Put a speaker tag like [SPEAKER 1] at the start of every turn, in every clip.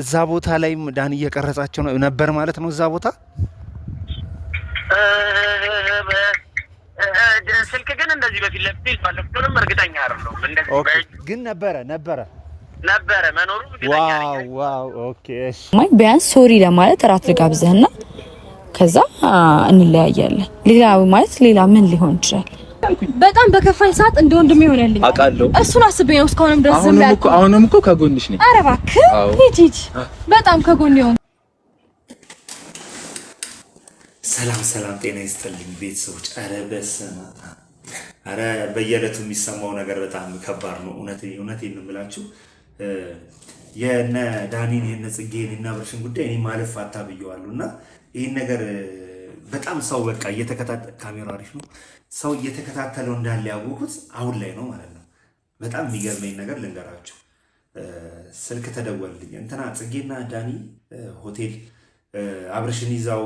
[SPEAKER 1] እዛ ቦታ ላይ ዳን እየቀረጻቸው ነበር ማለት ነው። እዛ ቦታ ስልክ ግን እንደዚህ በፊት ለፊት ባለፈውንም እርግጠኛ አይደለሁም። እንደዚህ ግን ነበረ ነበረ ነበረ መኖሩ ቢያንስ ሶሪ ለማለት እራት ልጋብዝህና ከዛ እንለያያለን። ሌላ ማለት ሌላ ምን ሊሆን ይችላል? በጣም በከፋኝ ሰዓት እንደ ወንድም ይሆነልኝ አውቃለሁ። እሱን አስቤ ነው እስካሁንም ድረስ ዝም ያልኩት። አሁንም እኮ ከጎንሽ ነኝ። ኧረ እባክህ ሂጂ ሂጂ፣ በጣም ከጎን ይሆን። ሰላም ሰላም፣ ጤና ይስጥልኝ ቤተሰቦች። ኧረ በስመ አብ። ኧረ በየዕለቱ የሚሰማው ነገር በጣም ከባድ ነው። እውነት እውነት የምላችሁ የነ ዳኒን የነ ጽጌን እና ብርሽን ጉዳይ እኔ ማለፍ ፋታ ብየዋለሁ እና ይህን ነገር በጣም ሰው በቃ እየተከታተለ ካሜራ አሪፍ ነው። ሰው እየተከታተለው እንዳለ ያወቁት አሁን ላይ ነው ማለት ነው። በጣም የሚገርመኝ ነገር ልንገራቸው። ስልክ ተደወልልኝ እንትና ጽጌና ዳኒ ሆቴል አብረሽን ይዛው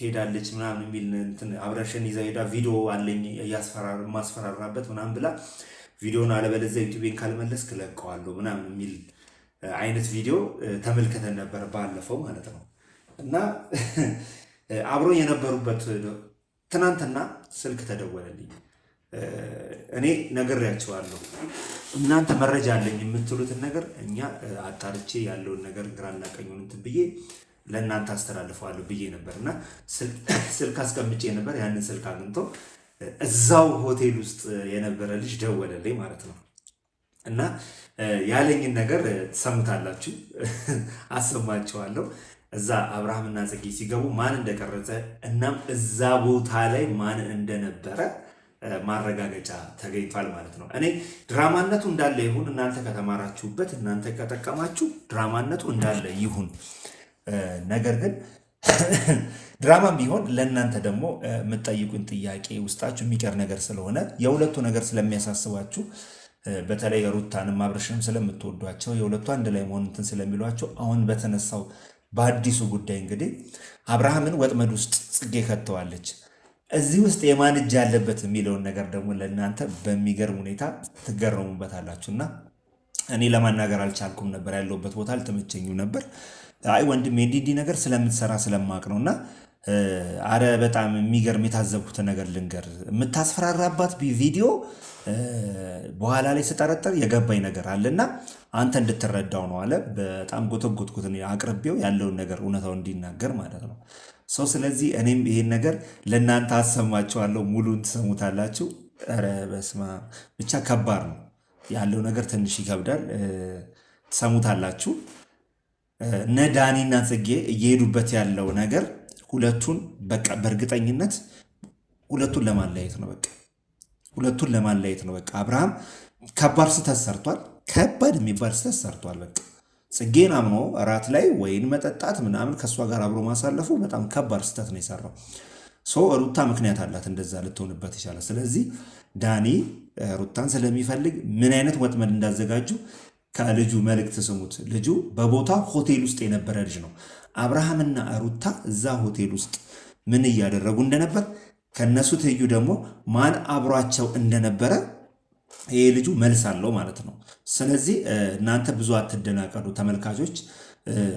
[SPEAKER 1] ሄዳለች ምናምን የሚል እንትን አብረሽን ይዛው ሄዳ ቪዲዮ አለኝ የማስፈራራበት ምናምን ብላ ቪዲዮን አለበለዚያ ዩቲቤን ካልመለስ እለቀዋለሁ ምናምን የሚል አይነት ቪዲዮ ተመልከተን ነበር ባለፈው ማለት ነው እና አብሮ የነበሩበት ትናንትና ስልክ ተደወለልኝ። እኔ ነግሬያቸዋለሁ። እናንተ መረጃ አለኝ የምትሉትን ነገር እኛ አጣርቼ ያለውን ነገር ግራና ቀኙን እንትን ብዬ ለእናንተ አስተላልፈዋለሁ ብዬ ነበር እና ስልክ አስቀምጬ ነበር። ያንን ስልክ አግኝቶ እዛው ሆቴል ውስጥ የነበረ ልጅ ደወለልኝ ማለት ነው እና ያለኝን ነገር ትሰሙታላችሁ፣ አሰማችኋለሁ። እዛ አብርሃምና ጽጌ ሲገቡ ማን እንደቀረጸ እናም እዛ ቦታ ላይ ማን እንደነበረ ማረጋገጫ ተገኝቷል ማለት ነው። እኔ ድራማነቱ እንዳለ ይሁን፣ እናንተ ከተማራችሁበት፣ እናንተ ከጠቀማችሁ ድራማነቱ እንዳለ ይሁን። ነገር ግን ድራማም ቢሆን ለእናንተ ደግሞ የምትጠይቁን ጥያቄ ውስጣችሁ የሚቀር ነገር ስለሆነ የሁለቱ ነገር ስለሚያሳስባችሁ በተለይ ሩታንም አብርሽንም ስለምትወዷቸው የሁለቱ አንድ ላይ መሆን እንትን ስለሚሏቸው አሁን በተነሳው በአዲሱ ጉዳይ እንግዲህ አብርሃምን ወጥመድ ውስጥ ጽጌ ከተዋለች። እዚህ ውስጥ የማን እጅ ያለበት የሚለውን ነገር ደግሞ ለእናንተ በሚገርም ሁኔታ ትገረሙበታላችሁ እና እኔ ለማናገር አልቻልኩም ነበር። ያለውበት ቦታ አልተመቸኙ ነበር። አይ ወንድሜ እንዲህ እንዲህ ነገር ስለምትሰራ ስለማቅ ነው እና አረ በጣም የሚገርም የታዘብኩትን ነገር ልንገር የምታስፈራራባት ቪዲዮ በኋላ ላይ ስጠረጠር የገባኝ ነገር አለና አንተ እንድትረዳው ነው አለ። በጣም ጎተጎትኩት አቅርቤው ያለውን ነገር እውነታው እንዲናገር ማለት ነው ሰው። ስለዚህ እኔም ይሄን ነገር ለእናንተ አሰማችኋለሁ፣ ሙሉን ትሰሙታላችሁ። ኧረ በስመ አብ ብቻ ከባድ ነው ያለው ነገር ትንሽ ይከብዳል። ትሰሙታላችሁ እነ ዳኒና ጽጌ እየሄዱበት ያለው ነገር ሁለቱን በቃ በእርግጠኝነት ሁለቱን ለማለያየት ነው በቃ ሁለቱን ለማለየት ነው። በቃ አብርሃም ከባድ ስህተት ሰርቷል። ከባድ የሚባል ስህተት ሰርቷል። በቃ ጽጌን አምኖ እራት ላይ ወይን መጠጣት ምናምን ከእሷ ጋር አብሮ ማሳለፉ በጣም ከባድ ስህተት ነው የሰራው። ሶ ሩታ ምክንያት አላት እንደዛ ልትሆንበት ይቻላል። ስለዚህ ዳኒ ሩታን ስለሚፈልግ ምን አይነት ወጥመድ እንዳዘጋጁ ከልጁ መልእክት ስሙት። ልጁ በቦታ ሆቴል ውስጥ የነበረ ልጅ ነው። አብርሃምና ሩታ እዛ ሆቴል ውስጥ ምን እያደረጉ እንደነበር ከነሱ ትይዩ ደግሞ ማን አብሯቸው እንደነበረ ይሄ ልጁ መልስ አለው ማለት ነው። ስለዚህ እናንተ ብዙ አትደናቀዱ ተመልካቾች።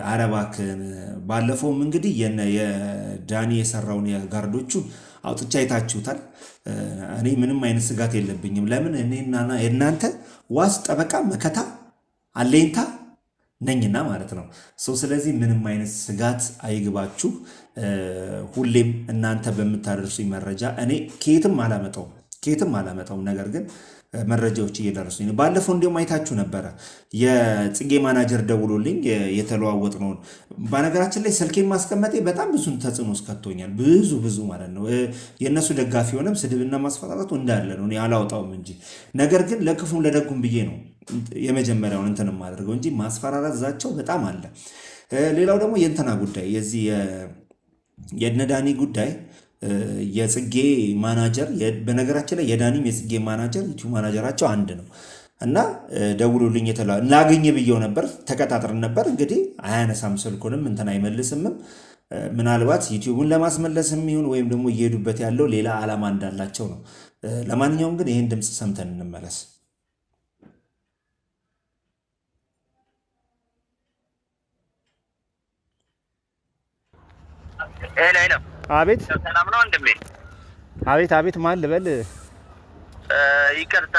[SPEAKER 1] ኧረ እባክህን ባለፈውም እንግዲህ የዳኒ የሰራውን የጋርዶቹን አውጥቻ አይታችሁታል። እኔ ምንም አይነት ስጋት የለብኝም። ለምን እኔና እናንተ ዋስ ጠበቃ መከታ አለኝታ ነኝና ማለት ነው ስለዚህ ምንም አይነት ስጋት አይግባችሁ። ሁሌም እናንተ በምታደርሱኝ መረጃ እኔ ከየትም አላመጣውም ከየትም አላመጣውም። ነገር ግን መረጃዎች እየደረሱ ባለፈው እንዲሁም አይታችሁ ነበረ የጽጌ ማናጀር ደውሎልኝ የተለዋወጥ ነውን። በነገራችን ላይ ስልኬን ማስቀመጤ በጣም ብዙ ተጽዕኖ እስከቶኛል። ብዙ ብዙ ማለት ነው። የእነሱ ደጋፊ የሆነም ስድብና ማስፈራራት እንዳለ ነው። አላወጣውም እንጂ ነገር ግን ለክፉም ለደጉም ብዬ ነው የመጀመሪያውን እንትን የማደርገው እንጂ ማስፈራራት ዛቸው በጣም አለ። ሌላው ደግሞ የእንትና ጉዳይ የዚህ የነዳኒ ጉዳይ የጽጌ ማናጀር በነገራችን ላይ የዳኒም የጽጌ ማናጀር ዩቲዩብ ማናጀራቸው አንድ ነው እና ደውሉልኝ የተለ ላገኘ ብየው ነበር። ተቀጣጥረን ነበር እንግዲህ አያነሳም ስልኩንም እንትን አይመልስምም። ምናልባት ዩቲዩብን ለማስመለስ የሚሆን ወይም ደግሞ እየሄዱበት ያለው ሌላ ዓላማ እንዳላቸው ነው። ለማንኛውም ግን ይህን ድምፅ ሰምተን እንመለስ። አቤት አቤት አቤት ማን ልበል? ይቅርታ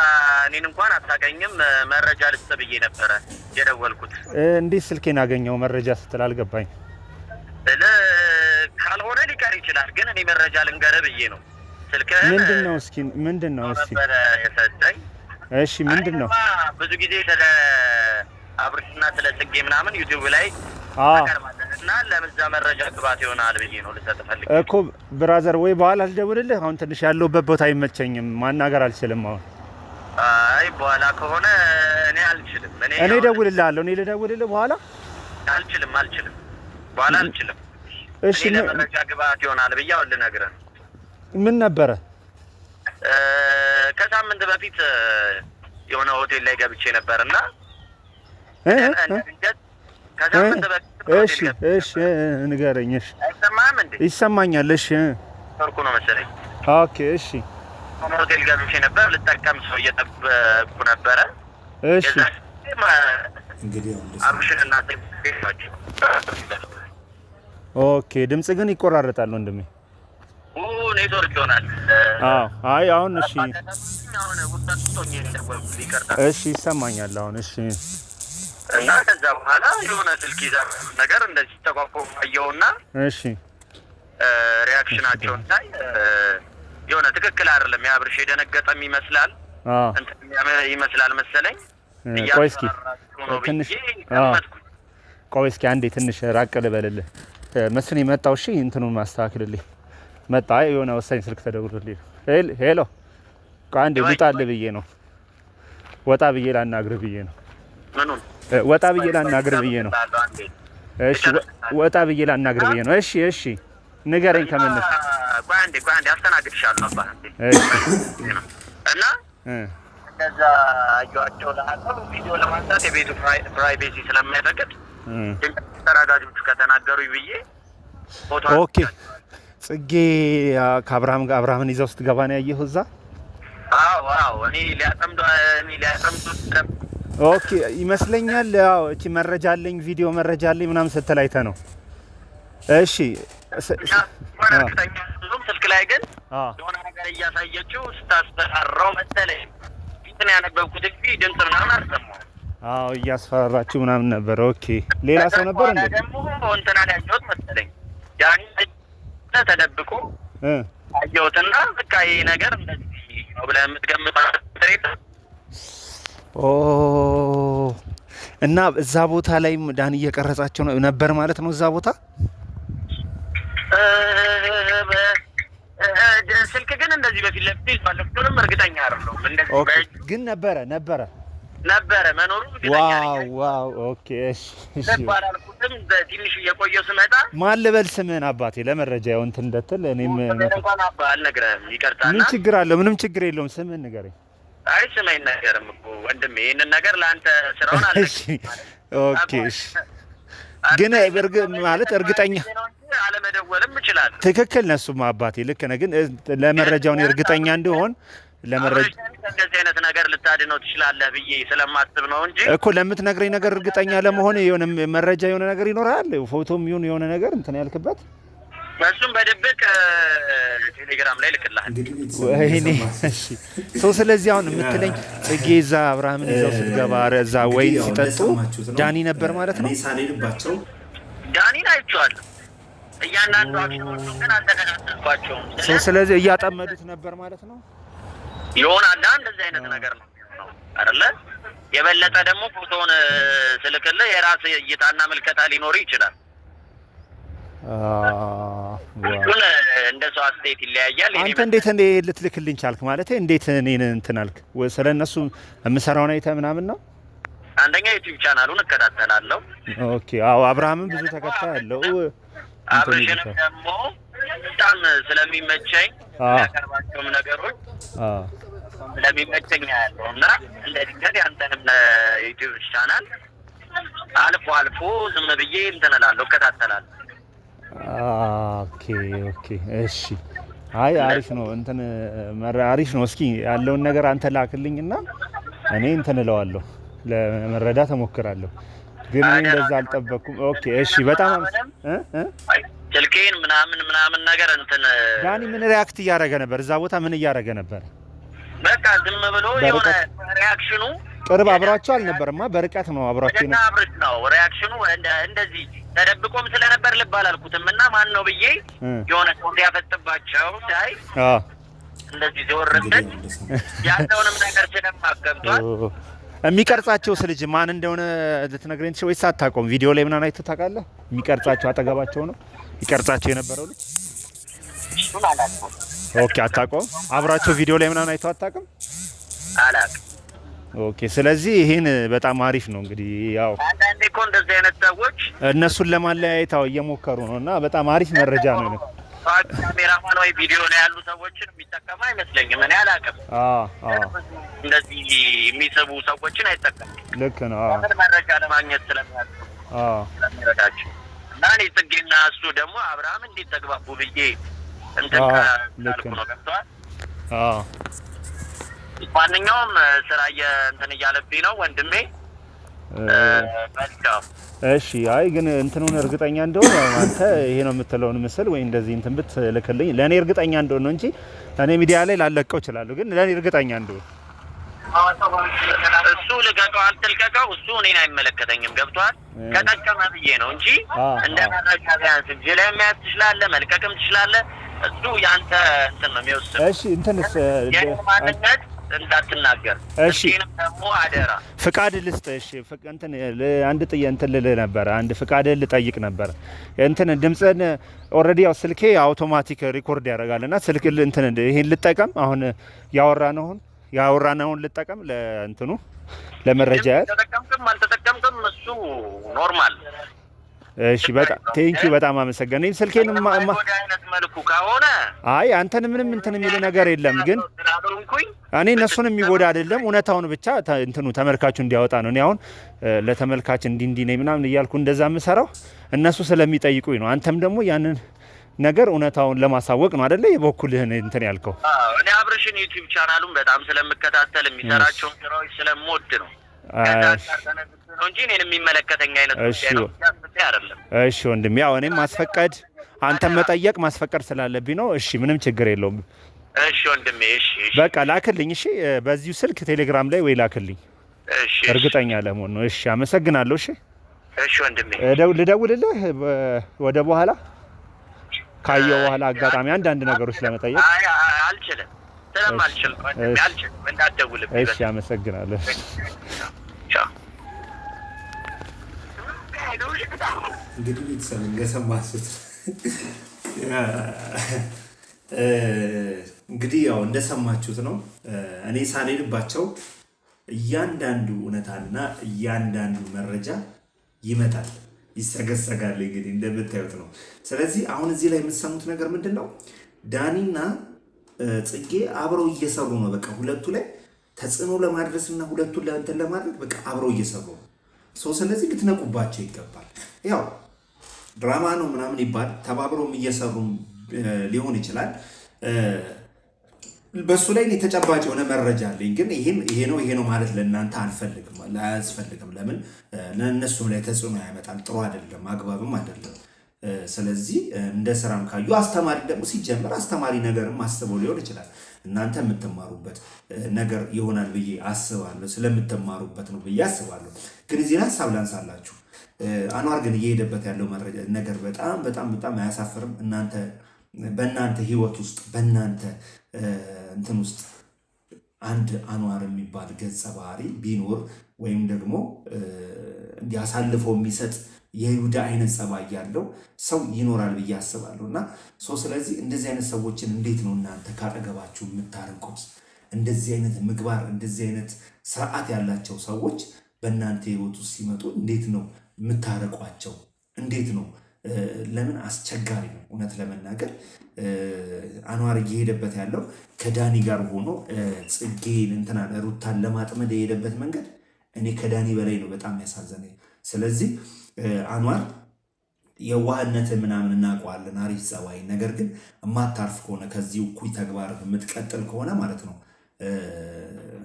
[SPEAKER 1] እኔን እንኳን አታቀኝም። መረጃ ልስጥ ብዬ ነበረ የደወልኩት። እንዴት ስልኬን አገኘው? መረጃ ስትል አልገባኝ። ካልሆነ ሊቀር ይችላል፣ ግን እኔ መረጃ ልንገርህ ብዬ ነው። ስልክህን ምንድን ነው እስኪ ምንድን ነው እስኪ የሰጠኝ? እሺ ምንድን ነው? ብዙ ጊዜ ስለ አብርሽና ስለ ጽጌ ምናምን ዩቲዩብ ላይ እና ለምዛ መረጃ ግባት ይሆናል ብዬ ነው ልሰጥ ፈልግ እኮ ብራዘር። ወይ በኋላ አልደውልልህ። አሁን ትንሽ ያለሁበት ቦታ አይመቸኝም፣ ማናገር አልችልም። አሁን አይ በኋላ ከሆነ እኔ አልችልም። እኔ እኔ እደውልልሃለሁ። እኔ ልደውልልህ በኋላ አልችልም፣ አልችልም፣ በኋላ አልችልም። እሺ ለመረጃ ግባት ይሆናል ብዬ አሁን ልነግርህ። ምን ነበረ ከሳምንት በፊት የሆነ ሆቴል ላይ ገብቼ ነበር እና እሺ፣ እሺ፣ ንገረኝ። እሺ፣ ይሰማኛል። እሺ፣ ሰርኩ ነው መሰለኝ። ኦኬ፣ እሺ። ሆቴል ገብቼ ነበር። ልጠቀም ሰው እየጠበኩ ነበረ። እሺ፣ ኦኬ። ድምጽ ግን ይቆራረጣል ወንድሜ። ኔትወርክ ይሆናል። አይ አሁን እሺ፣ እሺ፣ ይሰማኛል አሁን እሺ እና ከዛ በኋላ የሆነ ስልክ ይዛ ነገር እንደዚህ ተቋቁ አየውና እሺ ሪያክሽናቸውን ሳይ የሆነ ትክክል አይደለም። የአብርሽ የደነገጠም ይመስላል ይመስላል መሰለኝ። ቆይ እስኪ ትንሽ ቆይ አንዴ ትንሽ ራቅ ልበልልህ መስፍን የመጣው እሺ፣ እንትኑን ማስተካክልልኝ መጣ። የሆነ ወሳኝ ስልክ ተደውሎልኝ ሄሎ አንዴ ውጣልህ ብዬ ነው ወጣ ብዬ ላናግርህ ብዬ ነው። ምኑን ወጣ ብዬ ላናግር ብዬ ነው። እሺ ወጣ ብዬ ላናግር ብዬ ነው። እሺ እሺ፣ ንገረኝ ከመነሽ እና ቪዲዮ ለማንሳት የቤቱ ፕራይቬሲ ኦኬ። ጽጌ ከአብርሃም ጋር አብርሃምን ይዘው ስትገባ ነው ያየሁ እዛ። አዎ አዎ እኔ ሊያጠምዱ እኔ ሊያጠምዱ ኦኬ ይመስለኛል። ያው እቺ መረጃ አለኝ ቪዲዮ መረጃ አለኝ ምናምን ስትል ነው። እሺ ስልክ ላይ ግን የሆነ ነገር እያሳየችው ስታስፈራራው መሰለኝ ፊትን ያነበብኩት እንጂ ድምፅ ምናምን አልሰማሁም። አዎ እያስፈራራችሁ ምናምን ነበር። ኦኬ ሌላ ሰው ነበር እንዴ? ደግሞ እንትና ያየሁት መሰለኝ ተደብቆ አየሁትና በቃ ይሄ ነገር እንደዚህ ነው ብለህ የምትገምጠው እና እዛ ቦታ ላይ ዳን እየቀረጻቸው ነው ነበር ማለት ነው። እዛ ቦታ ስልክ ግን እንደዚህ በፊት ለፊት ባለፈውም እርግጠኛ አይደለሁም። እንደዚህ ግን ነበረ ነበረ ነበረ መኖሩ እርግጠኛ ነኝ። ዋው ኦኬ። እሺ እሺ፣ ባላልኩትም ትንሽ እየቆየ ስመጣ ማን ልበል ስምህን አባቴ ለመረጃ ይሁን እንትን እንደትል እኔም እንኳን አባ አልነግረህም፣ ይቀርታል። ምን ችግር አለው? ምንም ችግር የለውም። ስምህን ንገረኝ። አይ ስም አይነገርም እኮ ወንድሜ፣ ይህንን ነገር ለአንተ ስራውን አለ። ግን ማለት እርግጠኛ አለመደወልም ይችላል። ትክክል ነህ፣ አባቴ ልክ ነህ። ግን ለመረጃውን እርግጠኛ እንዲሆን እንደዚህ አይነት ነገር ልታድነው ትችላለህ ብዬ ስለማስብ ነው እንጂ እኮ ለምትነግረኝ ነገር እርግጠኛ ለመሆን የሆነ መረጃ የሆነ ነገር ይኖራል፣ ፎቶም ይሁን የሆነ ነገር እንትን ያልክበት እሱም በድብቅ ቴሌግራም ላይ ልክልሃል። ሰው ስለዚህ አሁን የምትለኝ ጽጌ እዛ አብርሃምን ይዘው ስትገባ እዛ ወይ ሲጠጡ ዳኒ ነበር ማለት ነው። ዳኒን አይቼዋለሁ። እያንዳንዱ አክሽኖቹ ግን አልተከታተልኳቸውም። ሰው ስለዚህ እያጠመዱት ነበር ማለት ነው። ይሆናል እንደዚህ አይነት ነገር ነው አይደለ? የበለጠ ደግሞ ፎቶውን ስልክልህ የራስ እይታና ምልከታ ሊኖር ይችላል። እንደ አስተያየት ይለያያል። አንተ እንዴት እንዴ ልትልክልኝ ቻልክ? ማለት እንዴት እኔን እንትን አልክ? ስለ እነሱ የምሰራውን አይተህ ምናምን ነው። አንደኛ ዩቲዩብ ቻናሉን እከታተላለሁ። ኦኬ። አዎ፣ አብርሃምን ብዙ ተከታይ አለው። አብርሽንም ደግሞ በጣም ስለሚመቸኝ ያቀርባቸውም ነገሮች ስለሚመቸኝ ያለው እና እንደ ድንገት ያንተንም ዩቲዩብ ቻናል አልፎ አልፎ ዝም ብዬ እንትን እላለሁ እከታተላለሁ ኦኬ ኦኬ እሺ። አይ አሪፍ ነው እንትን አሪፍ ነው። እስኪ ያለውን ነገር አንተ ላክልኝ እና እኔ እንትን እለዋለሁ ለመረዳት እሞክራለሁ። ግን እኔ እንደዛ አልጠበቅኩም። ኦኬ እሺ። በጣም ስልኬን ምናምን ምናምን ነገር እንትን ዳኒ ምን ሪያክት እያደረገ ነበር? እዛ ቦታ ምን እያደረገ ነበር? በቃ ዝም ብሎ የሆነ ሪያክሽኑ ቅርብ አብሯቸው አልነበርማ፣ በርቀት ነው አብሯቸው ነው። አብረች ነው ሪያክሽኑ እንደዚህ ተደብቆም ስለነበር ልብ አላልኩትም። እና ማን ነው ብዬ የሆነ ሰው እንዲያፈጥባቸው ሳይ እንደዚህ ሲወርብን ያለውንም ነገር ስለማገብቷል። የሚቀርጻቸው ልጅ ማን እንደሆነ ልትነግረኝ ትችል ወይስ አታውቀውም? ቪዲዮ ላይ ምናምን አይተህ ታውቃለህ? የሚቀርጻቸው አጠገባቸው ነው ይቀርጻቸው የነበረው ልጅ። ኦኬ፣ አታውቀውም? አብራቸው ቪዲዮ ላይ ምናምን አይተህ አታውቅም? አላውቅም ኦኬ። ስለዚህ ይሄን በጣም አሪፍ ነው። እንግዲህ ያው አንዳንዴ እኮ እንደዚህ አይነት ሰዎች እነሱን ለማለያየት እየሞከሩ ነው እና በጣም አሪፍ መረጃ ነው ነው ካሜራማን ወይ ቪዲዮ ላይ ያሉ ሰዎችን የሚጠቀም አይመስለኝም። እኔ አላውቅም። እንደዚህ የሚስቡ ሰዎችን አይጠቀም። ልክ ነው። ምን መረጃ ለማግኘት ስለሚያስቡ ስለሚረዳቸው እና እኔ ጽጌና እሱ ደግሞ አብርሃም እንዲተግባቡ ብዬ እንትን ካልኩ ነው ገብተዋል ማንኛውም ስራ እንትን እያለብኝ ነው ወንድሜ። እሺ አይ ግን እንትኑን እርግጠኛ እንደሆነ አንተ ይሄ ነው የምትለውን ምስል ወይ እንደዚህ እንትን ብትልክልኝ ለእኔ እርግጠኛ እንደሆነ ነው እንጂ እኔ ሚዲያ ላይ ላለቀው እችላለሁ። ግን ለእኔ እርግጠኛ እንደሆነ እሱ ልቀቀው አልትልቀቀው እሱ እኔን አይመለከተኝም። ገብቷል። ከጠቀመ ብዬ ነው እንጂ እንደ መረጃ ቢያንስ እጅ ላይ መያዝ ትችላለህ፣ መልቀቅም ትችላለህ። እሱ የአንተ እንትን ነው የሚወስድ ማንነት እንዳትናገር። እሺ ደግሞ አደራ ፍቃድ ልስጥ። እሺ እንትን አንድ ጥዬ እንትን ልልህ ነበረ፣ አንድ ፍቃድ ልጠይቅ ነበረ። እንትን ድምፅህን ኦልሬዲ ያው ስልኬ አውቶማቲክ ሪኮርድ ያደርጋልና ስልክ እንትን ይሄን ልጠቀም አሁን ያወራነውን ያወራነውን ልጠቀም ለእንትኑ ለመረጃ ያል ተጠቀምክም አልተጠቀምክም እሱ ኖርማል እሺ በጣም ቴንኪ በጣም አመሰገን። አመሰገነ። ስልኬን መልኩ ከሆነ አይ አንተን ምንም እንትን የሚል ነገር የለም፣ ግን እኔ እነሱን የሚጎዳ አይደለም። እውነታውን ብቻ እንትኑ ተመልካቹ እንዲያወጣ ነው። እኔ አሁን ለተመልካች እንዲ እንዲ ነኝ ምናምን እያልኩ እንደዛ የምሰራው እነሱ ስለሚጠይቁኝ ነው። አንተም ደግሞ ያንን ነገር እውነታውን ለማሳወቅ ነው አደለ? የበኩልህን እንትን ያልከው። እኔ አብርሽን ዩቲዩብ ቻናሉን በጣም ስለምከታተል የሚሰራቸውን ስራዎች ስለምወድ ነው እሺ ወንድም፣ ያው እኔም ማስፈቀድ አንተን መጠየቅ ማስፈቀድ ስላለብኝ ነው። እሺ ምንም ችግር የለውም። እሺ ወንድሜ፣ እሺ በቃ ላክልኝ። እሺ በዚሁ ስልክ ቴሌግራም ላይ ወይ ላክልኝ፣ እርግጠኛ ለመሆን ነው። እሺ አመሰግናለሁ። እሺ እሺ ወንድሜ፣ ልደውልልህ ወደ በኋላ ካየው በኋላ አጋጣሚ አንዳንድ ነገሮች ለመጠየቅ አልችልም ስለማልችል አልችልም፣ እንዳትደውልብኝ። እሺ፣ አመሰግናለሁ። እንግዲህ ቤተሰብ እንደሰማችሁት እንግዲህ ያው እንደሰማችሁት ነው። እኔ ሳልሄድባቸው እያንዳንዱ እውነታና እያንዳንዱ መረጃ ይመጣል፣ ይሰገሰጋል። እንግዲህ እንደምታዩት ነው። ስለዚህ አሁን እዚህ ላይ የምትሰሙት ነገር ምንድን ነው ዳኒና ጽጌ አብረው እየሰሩ ነው። በቃ ሁለቱ ላይ ተጽዕኖ ለማድረስ እና ሁለቱን ለእንትን ለማድረግ በቃ አብረው እየሰሩ ነው ሰው። ስለዚህ ልትነቁባቸው ይገባል። ያው ድራማ ነው ምናምን ይባል ተባብረውም እየሰሩ ሊሆን ይችላል። በሱ ላይ የተጨባጭ የሆነ መረጃ አለኝ፣ ግን ይሄ ነው ይሄ ነው ማለት ለእናንተ አንፈልግም አያስፈልግም። ለምን ለእነሱም ላይ ተጽዕኖ ያመጣል። ጥሩ አይደለም፣ አግባብም አይደለም። ስለዚህ እንደ ስራም ካዩ አስተማሪ ደግሞ ሲጀመር አስተማሪ ነገርም አስበው ሊሆን ይችላል። እናንተ የምትማሩበት ነገር ይሆናል ብዬ አስባለሁ። ስለምትማሩበት ነው ብዬ አስባለሁ። ግን እዚህ ሀሳብ ላንሳላችሁ። አንዋር ግን እየሄደበት ያለው መረጃ ነገር በጣም በጣም በጣም አያሳፍርም? እናንተ በእናንተ ህይወት ውስጥ በእናንተ እንትን ውስጥ አንድ አንዋር የሚባል ገጸ ባህሪ ቢኖር ወይም ደግሞ እንዲያሳልፈው የሚሰጥ የይሁዳ አይነት ጸባይ ያለው ሰው ይኖራል ብዬ አስባለሁ እና ሰው ስለዚህ እንደዚህ አይነት ሰዎችን እንዴት ነው እናንተ ካጠገባችሁ የምታርቁት? እንደዚህ አይነት ምግባር እንደዚህ አይነት ስርዓት ያላቸው ሰዎች በእናንተ ህይወት ውስጥ ሲመጡ እንዴት ነው የምታረቋቸው? እንዴት ነው ለምን አስቸጋሪ ነው። እውነት ለመናገር አኗር እየሄደበት ያለው ከዳኒ ጋር ሆኖ ጽጌን እንትና ሩታን ለማጥመድ የሄደበት መንገድ እኔ ከዳኒ በላይ ነው በጣም ያሳዘነኝ። ስለዚህ አኗር የዋህነትን ምናምን እናውቀዋለን፣ አሪፍ ጸባይ። ነገር ግን የማታርፍ ከሆነ ከዚህ እኩይ ተግባር የምትቀጥል ከሆነ ማለት ነው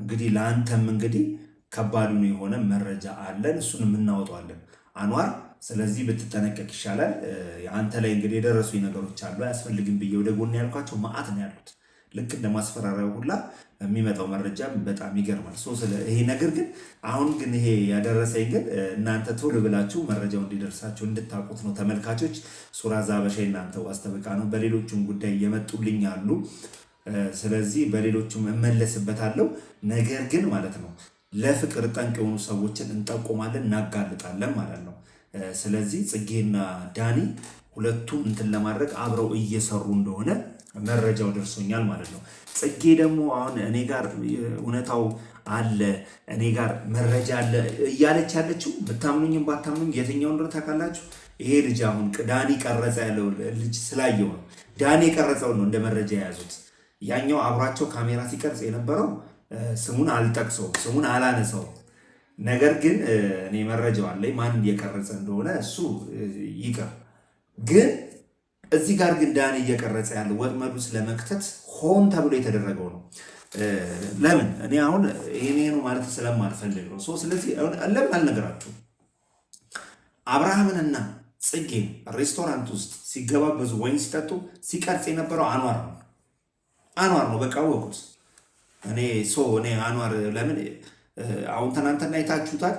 [SPEAKER 1] እንግዲህ ለአንተም እንግዲህ ከባድ የሆነ መረጃ አለን፣ እሱን የምናወጣዋለን አኗር። ስለዚህ ብትጠነቀቅ ይሻላል። አንተ ላይ እንግዲህ የደረሱ ነገሮች አሉ፣ አያስፈልግም ብዬ ወደ ጎን ያልኳቸው መዓት ነው ያሉት። ልክ እንደ ማስፈራሪያ ሁላ የሚመጣው መረጃ በጣም ይገርማል። ይሄ ነገር ግን አሁን ግን ይሄ ያደረሰኝ ግን እናንተ ቶሎ ብላችሁ መረጃው እንዲደርሳችሁ እንድታውቁት ነው ተመልካቾች። ሱራ ዛበሻ እናንተ ዋስተበቃ ነው። በሌሎችም ጉዳይ የመጡልኝ አሉ። ስለዚህ በሌሎችም እመለስበታለሁ። ነገር ግን ማለት ነው ለፍቅር ጠንቅ የሆኑ ሰዎችን እንጠቁማለን፣ እናጋልጣለን ማለት ነው። ስለዚህ ጽጌና ዳኒ ሁለቱም እንትን ለማድረግ አብረው እየሰሩ እንደሆነ መረጃው ደርሶኛል ማለት ነው። ጽጌ ደግሞ አሁን እኔ ጋር እውነታው አለ እኔ ጋር መረጃ አለ እያለች ያለችው ብታምኑኝም ባታምኑኝ የትኛው እንደሆነ ታውቃላችሁ። ይሄ ልጅ አሁን ዳኒ ቀረጸ ያለው ልጅ ስላየው ነው። ዳኒ የቀረጸው ነው እንደ መረጃ የያዙት። ያኛው አብሯቸው ካሜራ ሲቀርጽ የነበረው ስሙን አልጠቅሰው ስሙን አላነሰው። ነገር ግን እኔ መረጃው አለኝ ማን የቀረጸ እንደሆነ እሱ ይቅር ግን እዚህ ጋር ግን ዳኒ እየቀረጸ ያለው ወጥመዱ ስለመክተት ሆን ተብሎ የተደረገው ነው። ለምን እኔ አሁን ይሄን ነው ማለት ስለማልፈልግ ነው። ስለዚህ ለምን አልነገራችሁ? አብርሃምንና ጽጌን ሬስቶራንት ውስጥ ሲገባበዙ ወይን ሲጠጡ ሲቀርጽ የነበረው አኗር ነው። አኗር ነው በቃ ወቁት። እኔ ሶ እኔ አኗር ለምን አሁን ትናንትና አይታችሁታል።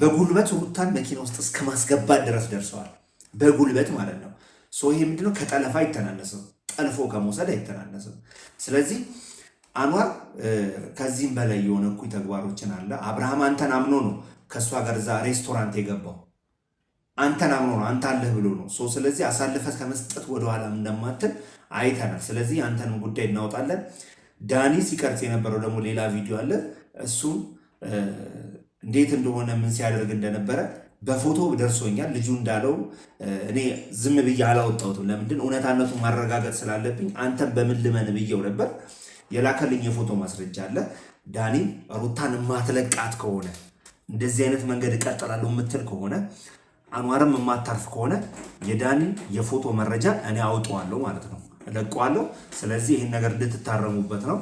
[SPEAKER 1] በጉልበት ሩታን መኪና ውስጥ እስከ ማስገባት ድረስ ደርሰዋል። በጉልበት ማለት ነው። ይሄ ምንድነው? ከጠለፋ አይተናነስም። ጠልፎ ከመውሰድ አይተናነስም። ስለዚህ አኗር ከዚህም በላይ የሆነ እኩይ ተግባሮችን አለ። አብርሃም አንተን አምኖ ነው ከእሷ ጋር እዛ ሬስቶራንት የገባው። አንተን አምኖ ነው፣ አንተ አለህ ብሎ ነው። ስለዚህ አሳልፈት ከመስጠት ወደኋላ እንደማትል አይተናል። ስለዚህ አንተንም ጉዳይ እናወጣለን። ዳኒ ሲቀርጽ የነበረው ደግሞ ሌላ ቪዲዮ አለ። እሱም እንዴት እንደሆነ ምን ሲያደርግ እንደነበረ በፎቶ ደርሶኛል። ልጁ እንዳለው እኔ ዝም ብዬ አላወጣሁትም። ለምንድን እውነታነቱ ማረጋገጥ ስላለብኝ አንተን በምን ልመን ብዬው ነበር። የላከልኝ የፎቶ ማስረጃ አለ። ዳኒ ሩታን የማትለቃት ከሆነ እንደዚህ አይነት መንገድ እቀጥላለሁ የምትል ከሆነ አኗርም የማታርፍ ከሆነ የዳኒ የፎቶ መረጃ እኔ አውጠዋለሁ ማለት ነው። ለቋለሁ። ስለዚህ ይህን ነገር እንድትታረሙበት ነው።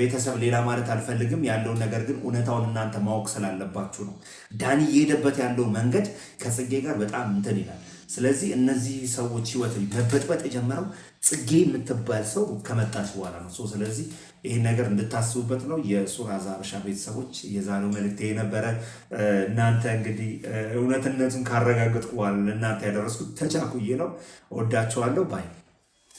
[SPEAKER 1] ቤተሰብ ሌላ ማለት አልፈልግም። ያለውን ነገር ግን እውነታውን እናንተ ማወቅ ስላለባችሁ ነው። ዳኒ እየሄደበት ያለው መንገድ ከጽጌ ጋር በጣም እንትን ይላል። ስለዚህ እነዚህ ሰዎች ህይወት በበጥበጥ የጀመረው ጽጌ የምትባል ሰው ከመጣች በኋላ ነው። ስለዚህ ይህ ነገር እንድታስቡበት ነው። የሱራዛ ሀበሻ ቤተሰቦች የዛሬው መልእክት የነበረ እናንተ እንግዲህ እውነትነቱን ካረጋገጥኩ በኋላ እናንተ ያደረስኩት ተቻኩዬ ነው። ወዳችኋለሁ ባይ